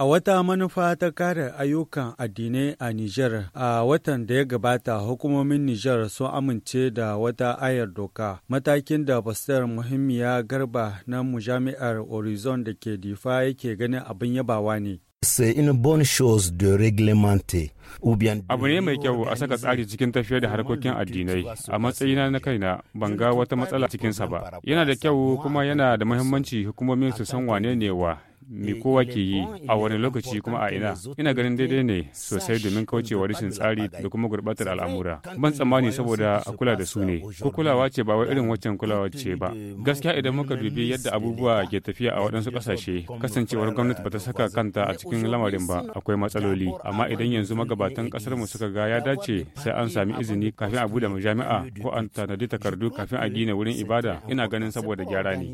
A wata manufa ta kare ayyukan addinai a Nijar, a watan da ya gabata hukumomin Nijar sun amince da wata ayar doka, matakin da Bastar Muhimmiya Garba na Mujami'ar Horizon da ke difa yake ganin abin yabawa ne. in de abu ne mai kyau a saka tsari cikin tafiya da harkokin addinai a matsayina na kaina ban ga wata matsala cikinsa ba yana da kyau kuma yana da muhimmanci hukumomin su san wane ne wa me eh, kowa ke yi a wani lokaci kuma a ina ina ganin daidai ne sosai domin kaucewa rashin tsari da kuma gurbatar al'amura ban tsammani saboda a kula da su ne ko kulawa ce ba wai irin waccan kulawa ce ba gaskiya idan muka dubi yadda abubuwa ke tafiya a waɗansu ƙasashe kasancewar gwamnati ta saka kanta a cikin lamarin ba akwai matsaloli amma idan yanzu magabatan ƙasar mu suka ga ya dace sai an sami izini kafin a bude majami'a ko an tanadi takardu kafin a gina wurin ibada ina ganin saboda gyara ne.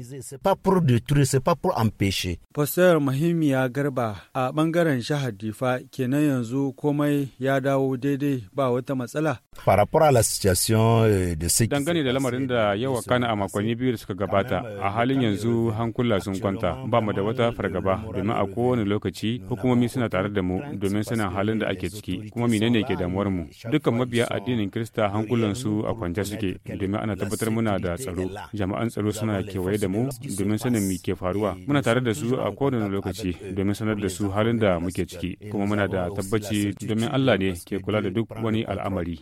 Pas Dr. Muhimmiya Garba a bangaren jihar Difa kenan yanzu komai ya dawo daidai ba wata matsala. Euh, Dangane da lamarin da yawa kana a makonni biyu da suka gabata a halin euh, yanzu hankula sun kwanta ba mu da wata fargaba domin a kowane lokaci hukumomi suna tare da mu domin sanin halin da ake ciki kuma menene ke damuwar mu. Dukkan mabiya addinin Kirista hankulansu a kwance suke domin ana tabbatar muna da tsaro. Jama'an tsaro suna kewaye da mu domin sanin me ke faruwa. Muna tare da su a kowane kowane lokaci domin sanar da su halin da muke ciki kuma muna da tabbaci domin Allah ne ke kula da duk wani al'amari.